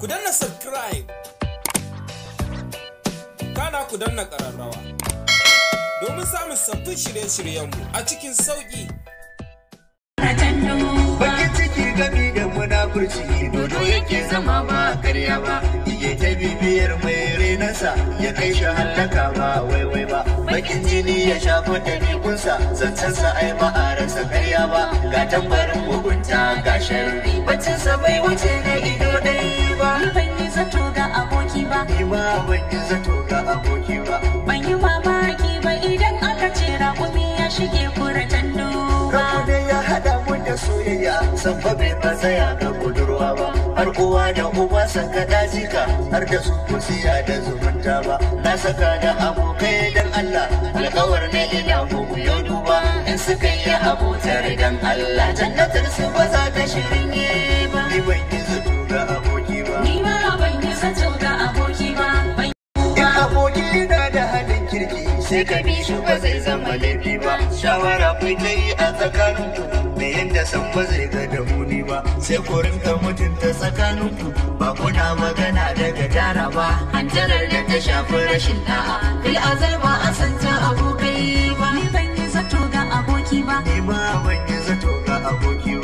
ku danna subscribe kana ku danna ƙararrawa domin samun sabbin shirye-shiryenmu a cikin sauƙi. Bakin ciki gami da munafurci dodo yake zama ba karya ba ike ta bibiyar ya kai shi hallaka ba wai-wai ba bakin jini ya shafa da mikunsa zancensa ai ba a rasa karya ba ga tambarin hukunta ga sharri bacinsa bai wuce na ido soyayya san fa bai tsaya ga budurwa ba har uwa da uwa san ka ka har da su ya da zumunta ba na saka da abokai dan Allah alkawar ne ina muku ya duba in suka yi abotar dan Allah jannatar su ba za ta shirin ba ni ban yi zato ga aboki ba ni ma ban yi zato ga aboki ba in aboki na da halin kirki sai ka bi shi ba zai zama laifi ba shawara kai ta yi a tsakaninku san ba zai ga da muni ba sai ku rinka mutunta tsakaninku ba kuna magana daga dara ba jarar da ta shafi rashin da'a fil azal ba a san ta abokai ba ni ban yi zato ga aboki ba ni ma ban yi zato ga aboki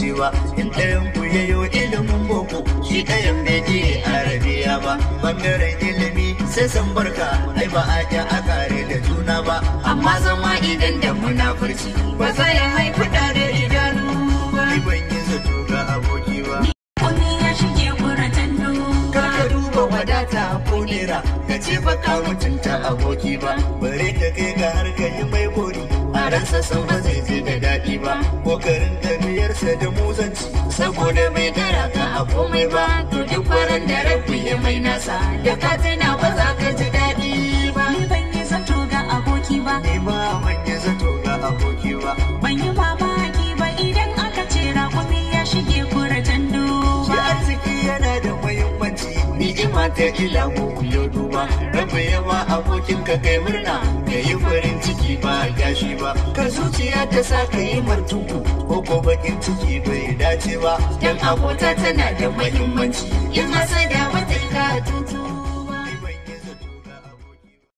cewa in ɗayan ku yayo ilimin boko shi ɗayan bai je arabiya ba bangaren ilimi sai san barka ai ba a ja a kare da juna ba amma zama idan da furci ba za ya haifi da idanu ba ni ban yi zato ga aboki ba ni ya shige kuratan ka duba wadata ko nera ka ce ba ka mutunta aboki ba bare ta kai ga har yi mai gori a ransa san ba zai je da daɗi ba kokarin ka ta da motsanci. saboda mai dara ka a komai ba to duk faran da rabbi ya mai nasa da ka tana ba za ka ji daɗi ba ni ban yi zato ga aboki ba ni ban yi zato ga aboki ba ban yi mamaki ba idan aka ce raƙumi ya shige kurajen duba ya arziki yana da muhimmanci ni'ima ta ilahu yau duba rabbi yawa abokin ka kai murna ya yi farin ciki ba gashi ba ka zuciya ta sa ka yi martuku ko ko bakin ciki bai dace ba dan abota tana da muhimmanci in masa da wata ka tutu